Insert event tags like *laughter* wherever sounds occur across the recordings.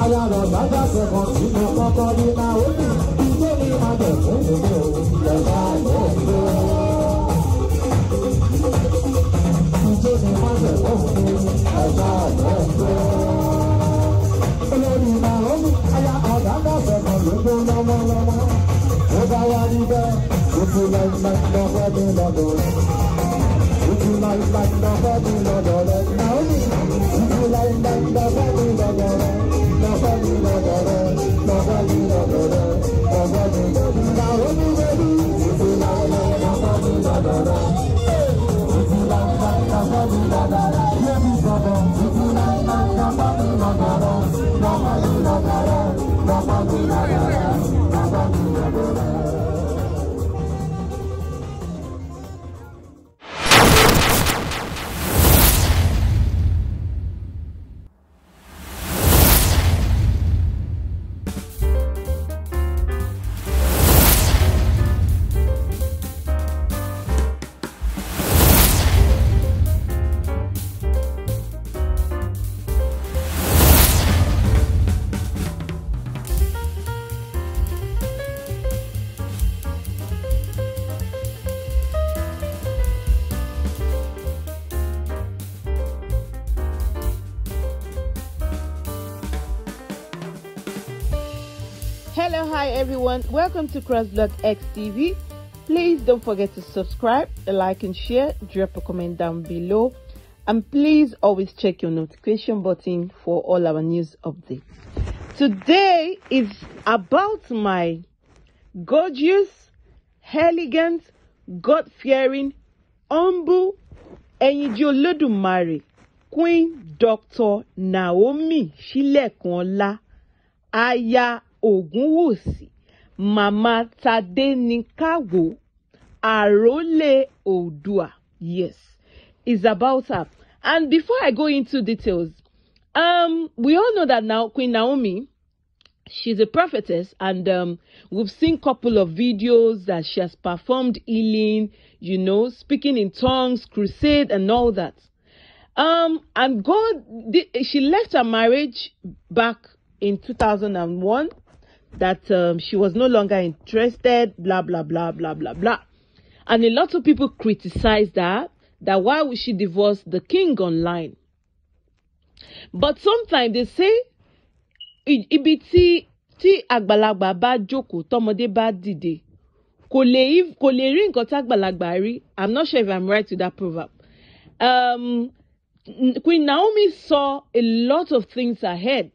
ayára bàbá sẹ̀kọ̀ tí mo kọ́kọ́ ní máa ó ní ìjọ ní máa bẹ̀ fún ìlú ìjọba ìlú. ìjọ ní máa bẹ̀ fún ìlú ìjọba ìlú. you like like the hobby model? Would you like like the hobby model? Would you like like the hobby model? The hobby model. everyone, welcome to Crossblog X TV. Please don't forget to subscribe, like and share, drop a comment down below and please always check your notification button for all our news updates. Today is about my gorgeous, elegant, God-fearing, humble, and Mary Queen Dr. Naomi Shilekunla, Aya ògúnwùsì màmá Kago, àròlé Odua. yes it's about her and before i go into details um, we all know that now queen naomi she's a prophetess and um, we've seen a couple of videos that she has performed healing you know speaking in tongues crusade and all that um, and god she left her marriage back in 2001 that um, she was no longer interested, blah, blah, blah, blah, blah, blah. And a lot of people criticized that, that why would she divorce the king online? But sometimes they say, "Ibiti ti tí àgbàlagbà joko jókòó tọmọdé bá dìde rí i'm not sure if i'm right with that proverb um, queen naomi saw a lot of things ahead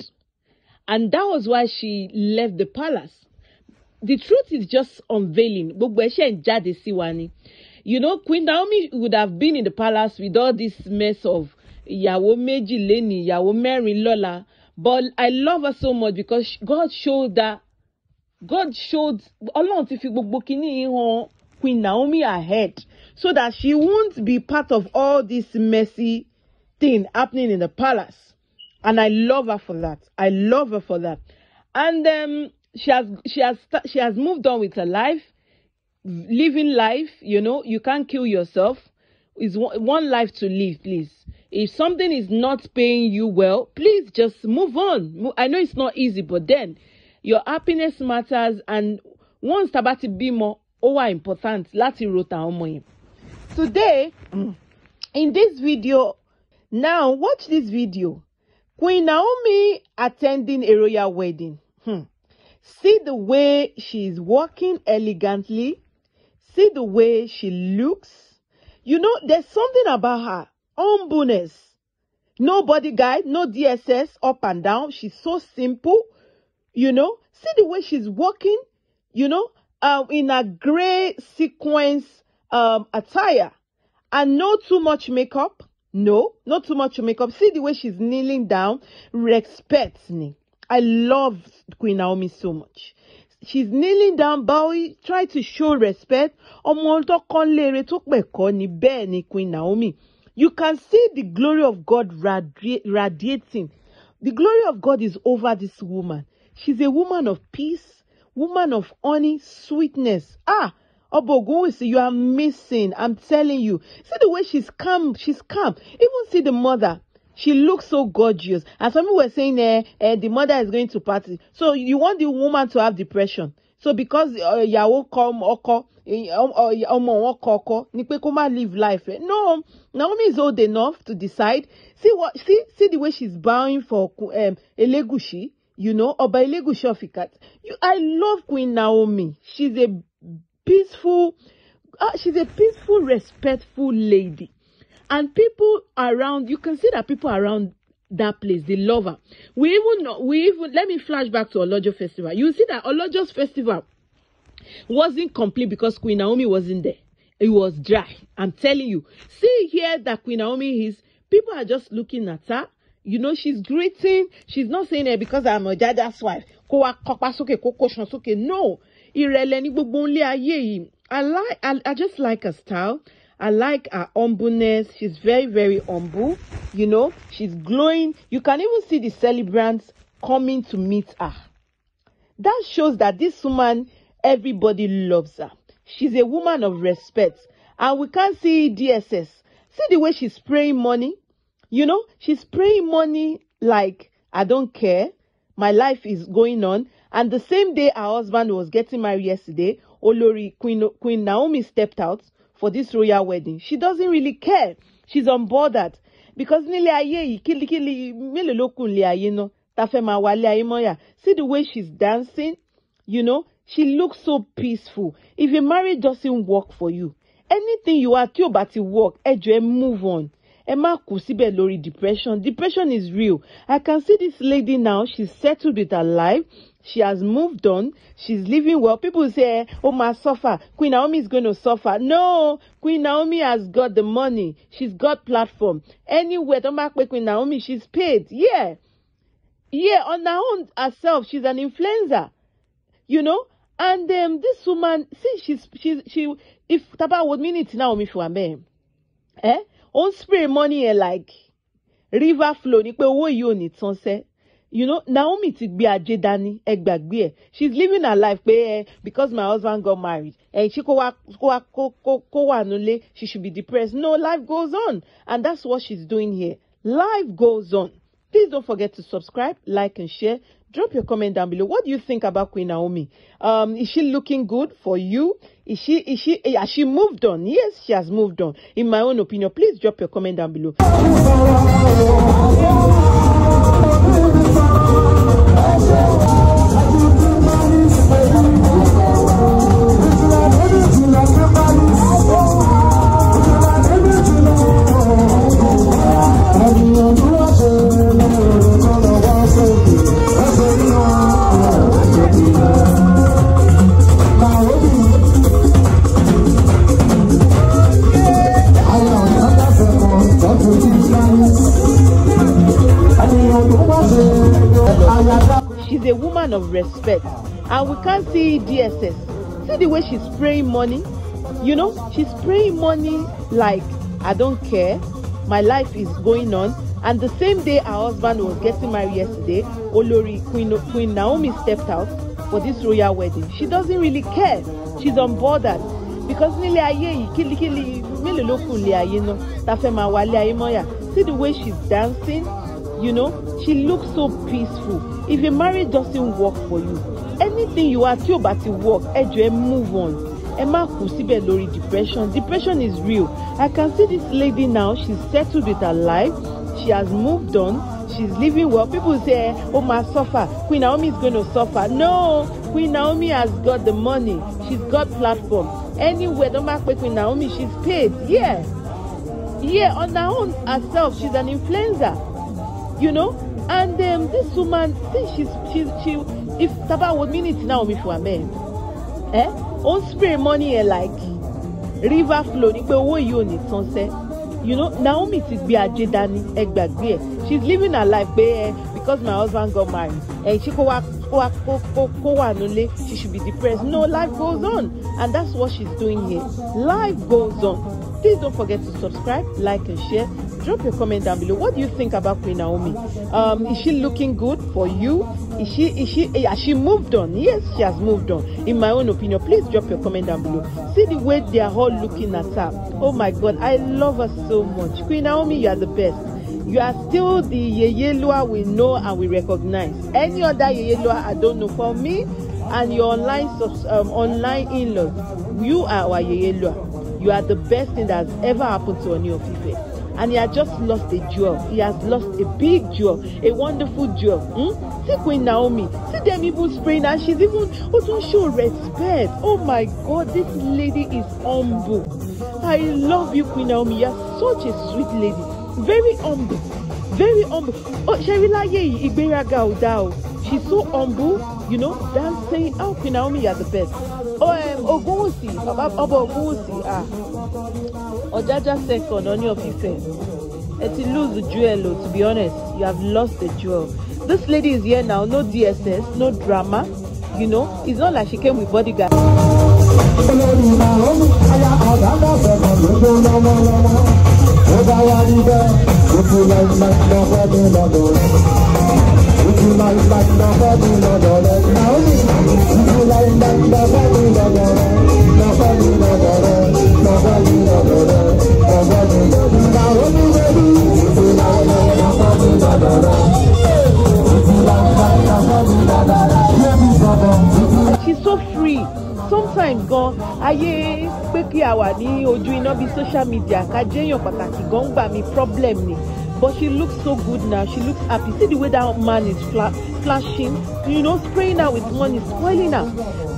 and that was why she left the palace the truth is just unveiling gbogbo ẹ ṣe ń jáde sí wa ni you know Queen Naomi would have been in the palace with all this mess of ìyàwó méjì lẹ́ni ìyàwó mẹ́rin lọ́la but I love her so much because God showed her God showed Ọlọ́run ti fi gbogbo kinní yìí hàn Queen Naomi ahead so that she won't be part of all this messy thing happening in the palace and I love her for that. I love her for that. And um, she has she has she has moved on with her life, living life. You know, you can't kill yourself. Is one life to live, please. If something is not paying you well, please just move on. I know it's not easy, but then your happiness matters. And once tabati bimo, ó important láti rota Today, in this video, now watch this video. Queen Naomi attending a royal wedding. Hmm. See the way she is walking elegantly. See the way she looks. You know, there's something about her. Humbleness. No bodyguard, no DSS up and down. She's so simple. You know, see the way she's walking, you know, um, in a gray sequence um, attire and no too much makeup. No, not too much makeup. See the way she's kneeling down. Respect me. I love Queen Naomi so much. She's kneeling down, bowing, trying to show respect. Ọmọ tó ni Queen Naomi. You can see the glory of God radi radiating. The glory of God is over this woman. She's a woman of peace, woman of honey, sweetness. Ah, see. you are missing. I'm telling you. See the way she's calm. She's calm. Even see the mother. She looks so gorgeous. And some people were saying, eh, eh, the mother is going to party. So you want the woman to have depression. So because uh, Yahoo come Oko, Omo Oko, live life. No, Naomi is old enough to decide. See what, see, see the way she's bowing for um, Elegushi you know, by Elegushi Ofikat. You, I love Queen Naomi. She's a peaceful, uh, she's a peaceful, respectful lady. And people around, you can see that people around that place, the lover. We even, know, we even, let me flash back to Olojo Festival. You see that Olojo's Festival wasn't complete because Queen Naomi wasn't there. It was dry. I'm telling you. See here that Queen Naomi is, people are just looking at her. You know, she's greeting. She's not saying it because I'm a Jaja's wife. No ìrẹ̀lẹ̀ ní gbogbo ayé I like I, I just like her style I like her humbleness she's very very humble you know she's glowing you can even see the celebrants coming to meet her that shows that this woman everybody loves her she's a woman of respect and we can not see DSS see the way she's spraying money you know she's spraying money like I don't care my life is going on and the same day her husband was getting married yesterday, Olori Queen, Queen Naomi stepped out for this royal wedding. She doesn't really care. She's unbothered. Because nílé ayé kílí kílí mélòó ló kù nílé ayé náà ta fẹ́ wálé ayé mọ́yà. See the way she's dancing, you know, she looks so peaceful. If your marriage doesn't work for you, anything you are to ò work, ẹ move on. Emma, má see, síbẹ̀ lórí depression depression is real i can see this lady now she's settled with her life she has moved on she's living well people say oh eh, ma suffer queen naomi is going to suffer no queen naomi has got the money she's got platform anywhere tó bá with queen naomi she's paid yeah yeah on her own herself she's an influencer you know and um, this woman see she's she's she if taba wo minute naomi fi wa mẹ́ẹ̀ eh ó spray money yẹn like river flow ni pé owó yìí ò ní tán sẹ́ you know Naomi ti gbé ajé dání ẹ gbàgbé ẹ she is living her life pé ẹ eh, because my husband got married ẹ ṣé kó wá kó wá kó wà nílé she should be depressed no life goes on and that's what she's doing here life goes on please don't forget to subscribe like and share drop your comment down below. What do you think about Queen Naomi? Um, is she looking good for you? Is she is she eh, has she moved on? Yes, she has moved on. In my own opinion, please drop your comment down below. is a woman of respect. And we can't see DSS. See the way she's spraying money? You know, she's spraying money like, I don't care. My life is going on. And the same day our husband was getting married yesterday, Olori Queen, Queen Naomi stepped out for this royal wedding. She doesn't really care. She's unbothered. Because nílé ayé kili kili, mélòó loku kù lé ayé no. tá a fẹ́ máa ya. ayé mọ́yà. See the way she's dancing. You know, she looks so peaceful. If a marriage doesn't work for you, anything you are too ò to work, ẹ move on. Emma could kù lórí depression depression is real i can see this lady now she's settled with her life she has moved on she's living well people say Oh, eh, my suffer queen naomi is gonna suffer no queen naomi has got the money she's got platform anywhere don bá with queen naomi she's paid yeah yeah on her own herself she's an influencer you know and um, this woman since she's she she if taba wo minute na omi fún amẹ ẹ eh? On spray money yẹn eh, like river flowing, but pé you yìí ò ní you know Naomi ti be a dání egg gbàgbé there. she's living her life pé eh, because my husband got married ẹ eh, ṣé kó wá kó kó kó wà nílé she should be depressed no life goes on and that's what she's doing here life goes on Please don't forget to subscribe, like, and share. Drop your comment down below. What do you think about Queen Naomi? Um, is she looking good for you? Is she is she eh, has she moved on? Yes, she has moved on. In my own opinion, please drop your comment down below. See the way they are all looking at her. Oh my God, I love her so much. Queen Naomi, you are the best you are still the yeyelua we know and we recognize any other yeyelua i don't know for me and your online um, online in-laws you are our yeyelua You are the best thing that has ever happened to Oni of Ife. And he has just lost a jewel. He has lost a big jewel, a wonderful jewel. Hmm? See Queen Naomi. See them even spraying and she's even who don't show respect. Oh my God, this lady is humble. I love you, Queen Naomi. You are such a sweet lady. Very humble. Very humble. Oh, Sherilaye, Igberaga Odao. She's so humble, you know, dancing. Oh, Queen Naomi, you are the best. Ògúnwùsì ọba Ògúnwùsì Ọ̀jájá second Ọ̀ní of Ifẹ̀ ẹ ti lose the jewel o to be honest you have lost the jewel this lady is here now no DSS no drama you know it's not like she came with bodyguard. olórí máa ń aya ọ̀gá lọ́sẹ̀ kan lójú lọ́wọ́lọ́wọ́ ó bá wá rí bẹ́ẹ̀ ojú láìpẹ́ lọ́fẹ́ mi lọ́dọ̀ rẹ̀ ojú She's so free. Sometimes gan ayé pé kí a wà ní ojú iná social media ká jẹ́yàn pàtàkì gan ń gbà problem ni. But she looks so good now. She looks happy. See the way that man is fla- flashing, you know, spraying out with money, spoiling out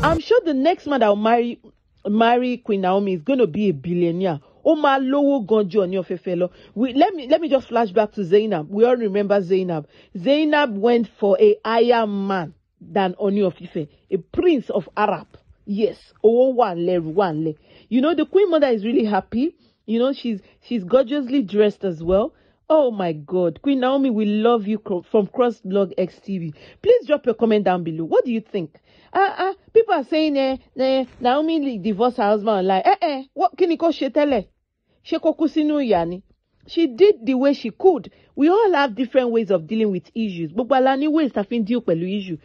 I'm sure the next man that will marry marry Queen Naomi is going to be a billionaire. Oh my, lówó gan ju your ọ̀fẹ́fẹ́ lọ let me let me just flash back to zainab we all remember zainab zainab went for a higher man than ọ̀ní ọ̀fẹ́fẹ́ a prince of arab yes oh one, le one lẹ́ you know the queen mother is really happy you know she's she's gorgeously dressed as well Oh my God, Queen Naomi, we love you from Crossblog XTV. Please drop your comment down below. What do you think? Uh, uh, people are saying, eh, eh, Naomi divorced her husband online. Eh, eh, what can you call she tell her? She kokusinu yani. She did the way she could. We all have different ways of dealing with issues. But Balani ways to deal with issue.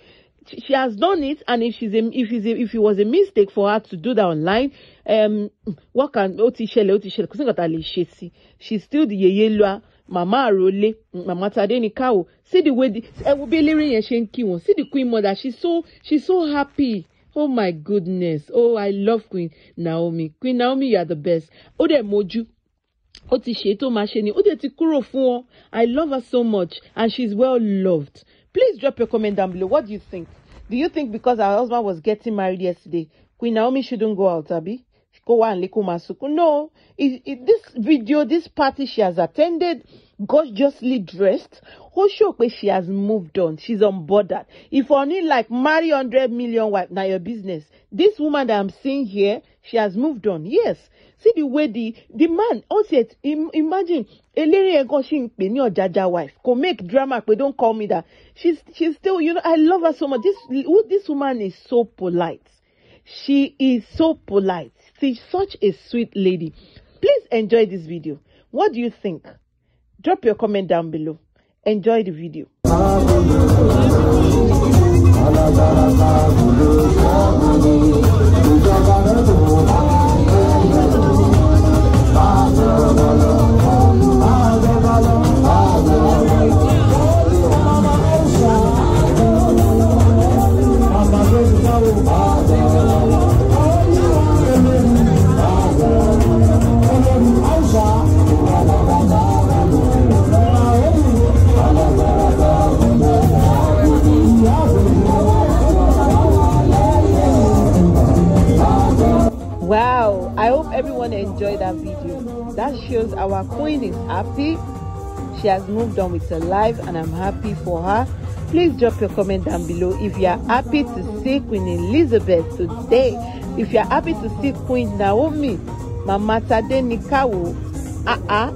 She has done it, and if she's a, if it's a, if it was a mistake for her to do that online, um, what can Oti Shele Oti Shele? She's still the yeye màmá àròlé màmá tadé ní káwò see the way the ẹ wo bí eléré yẹn ṣe ń kí wọn see the queen mother she so she so happy oh my goodness oh i love queen naomi queen naomi you are the best ó dẹ̀ mojú ó ti ṣe tó máa ṣe ni ó dẹ̀ ti kúrò fún ọ i love her so much and she is well loved please drop your comment down below what do you think do you think because her husband was getting married yesterday queen naomi shouldn't go out abi. go and Likumasuku. No, it, it, this video, this party she has attended, gorgeously dressed, who show where she has moved on. She's unbothered. If only like marry 100 million wife, now your business. This woman that I'm seeing here, she has moved on. Yes. See the way the, the man, also Im, imagine, Elere Ego, she your Jaja wife. Go make drama, but don't call me that. She's, she's still, you know, I love her so much. This, this woman is so polite. She is so polite. See, such a sweet lady. Please enjoy this video. What do you think? Drop your comment down below. Enjoy the video. *laughs* Our queen is happy. She has moved on with her life and I'm happy for her. Please drop your comment down below if you are happy to see Queen Elizabeth today. If you are happy to see Queen Naomi, Mama Tade Nikawo, ah,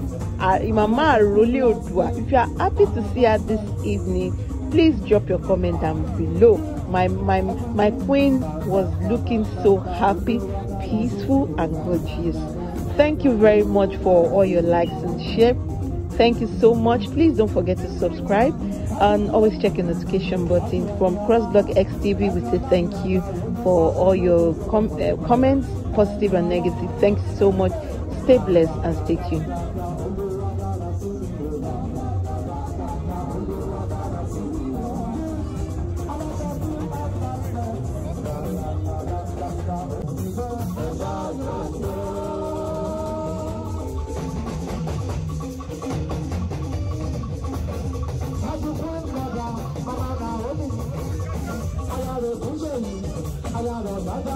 Mama Arole Odua. If you are happy to see her this evening, please drop your comment down below. My, my, my queen was looking so happy, peaceful and gorgeous. Thank you very much for all your likes and share. Thank you so much. Please don't forget to subscribe and always check your notification button from Crossblog XTV. We say thank you for all your com uh, comments, positive and negative. Thanks so much. Stay blessed and stay tuned.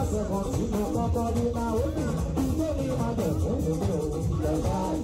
àṣẹ kan sí máa tọ́tọ́ ní máa ó ní ìjọ́ ní máa bẹ̀